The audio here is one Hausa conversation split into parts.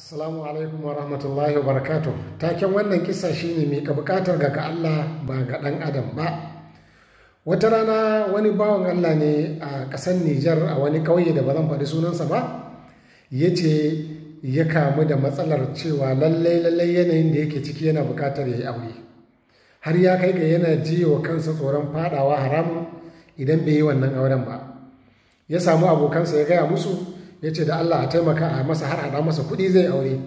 Assalamu alaikum wa rahmatullahi wa barakatuh. Taken wannan kisa shine mai ka bukatar ga ga Allah ba ga ɗan adam ba. Wata rana wani bawan Allah ne a ƙasar Nijar a wani ƙauye da ba zan faɗi sunansa ba, ya ce ya kamu da matsalar cewa lallai lallai yanayin da yake ciki yana bukatar ya yi aure. Har ya kai ga yana ji kansa tsoron fadawa haramun idan bai yi wannan auren ba. Ya samu abokansa ya gaya musu ya ce da Allah a taimaka a masa har a masa kuɗi zai aure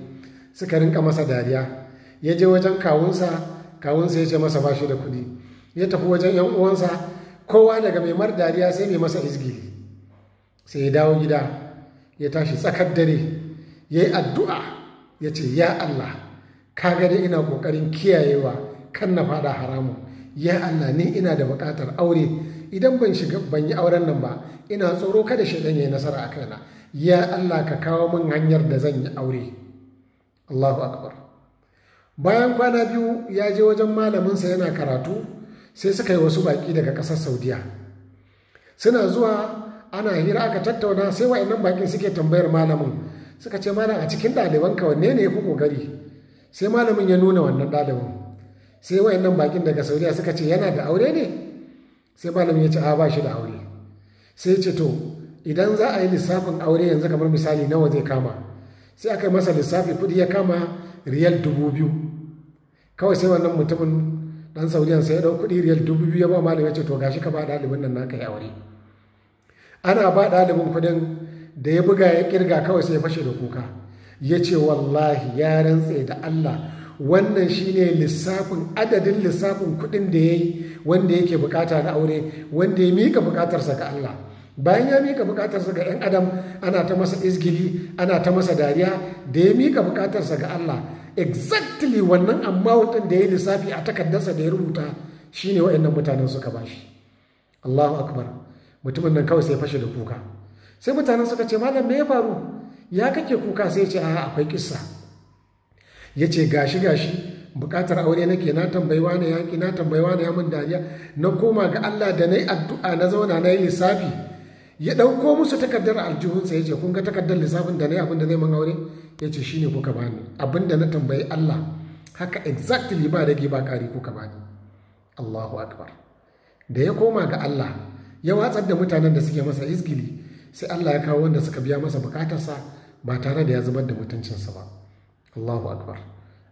suka rinka masa dariya ya je wajen kawunsa kawunsa ya ce masa bashi da kuɗi ya tafi wajen yan uwansa kowa daga mai mar dariya sai mai masa izgiri sai ya dawo gida ya tashi tsakar dare ya yi addu'a ya ce ya Allah ka gani ina ƙoƙarin kiyayewa kan na fada haramun ya Allah ni ina da buƙatar aure idan ban shiga ban yi auren nan ba ina tsoro kada shaidan ya yi nasara a kaina ya Allah ka kawo min hanyar da zan yi aure Allahu akbar bayan kwana biyu ya je wajen malaminsa yana karatu sai suka yi wasu baki daga ƙasar saudiya suna zuwa ana hira aka tattauna sai wa'annan bakin suke tambayar malamin suka ce malam a cikin ɗalibanka wanne ne ya fi ƙoƙari sai malamin ya nuna wannan ɗalibin sai wa'annan bakin daga saudiya suka ce yana da aure ne sai malamin ya ce a ba shi da aure sai ce to idan za a yi lissafin aure yanzu kamar misali nawa zai kama sai aka yi masa lissafi kudi ya kama riyal dubu biyu kawai sai wannan mutumin dan saudiyan sai ya dau kudi riyal dubu biyu ya ba malam ya ce to gashi ka ba ɗalibin nan naka ya aure ana ba ɗalibin kudin da ya buga ya kirga kawai sai ya fashe da kuka ya ce wallahi ya rantse da allah wannan shine lissafin adadin lissafin kudin da ya wanda yake bukata na aure wanda ya mika bukatarsa ga allah bayan ya mika bukatarsa ga ɗan adam ana ta masa izgili ana ta masa dariya da ya mika bukatarsa ga Allah exactly wannan amma wutan da ya lissafi a takardarsa da ya rubuta shine waɗannan mutanen suka bashi Allahu akbar mutumin nan kawai sai fashe da kuka sai mutanen suka ce malam me ya faru ya kake kuka sai ya ce a'a akwai kisa. ya ce gashi gashi bukatar aure nake na tambayiwa na yaƙi na tambayiwa na yamin dariya na koma ga Allah da na yi addu'a na zauna na yi lissafi ya ɗauko musu takardar aljihunsa ya ce kun ga takardar lissafin da na yi abin da zai man aure ya ce shi shine kuka bani abin da na tambayi Allah haka exactly ba rage ba ƙari kuka bani Allahu akbar da ya koma ga Allah ya watsar da mutanen da suke masa izgili sai Allah ya kawo wanda suka biya masa bukatarsa ba tare da ya zubar da mutuncinsa ba Allahu akbar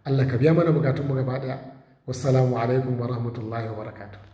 Allah ka biya mana bukatunmu gaba ɗaya wassalamu alaikum wa rahmatullahi wa barakatuh